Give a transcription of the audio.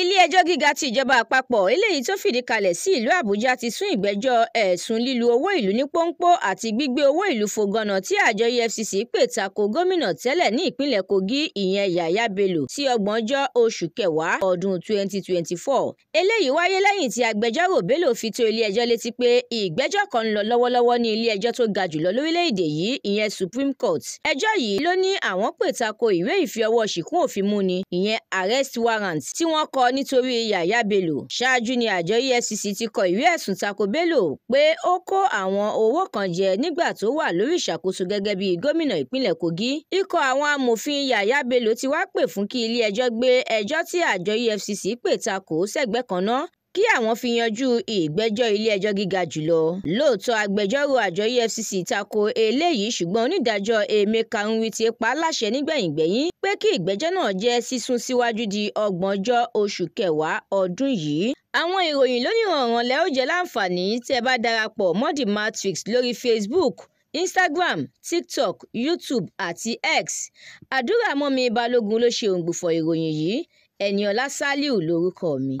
ilé-ẹjọ́ gíga ti ìjọba àpapọ̀ eléyìí tó fìdí kalẹ̀ sí ìlú àbújá ti sún ìgbẹ́jọ́ ẹ̀sùn lílu owó ìlú ní pọ́npọ́ àti gbígbé owó ìlú fògànà tí àjọ efcc pè tako gómìnà tẹ́lẹ̀ ní ìpínlẹ̀ kogi ìyẹn yàyà bello sí ọgbọ̀njọ́ oṣù kẹwàá ọdún 2024 eléyìí wáyé lẹ́yìn tí agbẹjọ́rò bello fi tó ilé-ẹjọ́ létí pé ìgbẹ́jọ́ kan ń lọ lọ́wọ́lọ́wọ́ ní ilé-ẹjọ́ tó ga jùlọ lórílẹ̀‐èdè supreme court ẹjọ́ yìí ló ní àwọn pè tako ìwé ìfi ọwọ́ ṣìkún arrest warrant tí wọ́n kọ nítorí Yàyà Bello ṣáájú ni àjọ EFCC ti kọ ìwé ẹ̀sùn tako Bello pé ó kó àwọn owó kan jẹ nígbà tó wà lórí ìṣàkóso gẹ́gẹ́ bí gómìnà ìpínlẹ̀ Kogi ikọ̀ àwọn amòfin Yàyà Bello ti wá pè fún kí ilé ẹjọ́ gbé ẹjọ́ tí àjọ EFCC pè takò sẹ́gbẹ́ kan ná kí àwọn fi yanjú ìgbẹ́jọ́ ilé-ẹjọ́ gíga jùlọ. lóòótọ́ agbẹjọ́rò àjọ EFCC tako eléyìí ṣùgbọ́n onídàájọ́ Emeka Nwite pa láṣẹ nígbẹ̀yìngbẹ̀yìn pé kí ìgbẹ́jọ́ náà jẹ́ sísún síwájú di ọgbọ̀njọ́ oṣù kẹwàá ọdún yìí. àwọn ìròyìn lóníranran lẹ́ ó jẹ́ láǹfààní tẹ́ bá darapọ̀ mọ́ Matrix lórí Facebook Instagram TikTok YouTube àti X àdúrà mọ́mi balógun ló ṣe òǹgbùfọ̀ ìròyìn yìí Ẹniọlá Sálíù lórúkọ mi.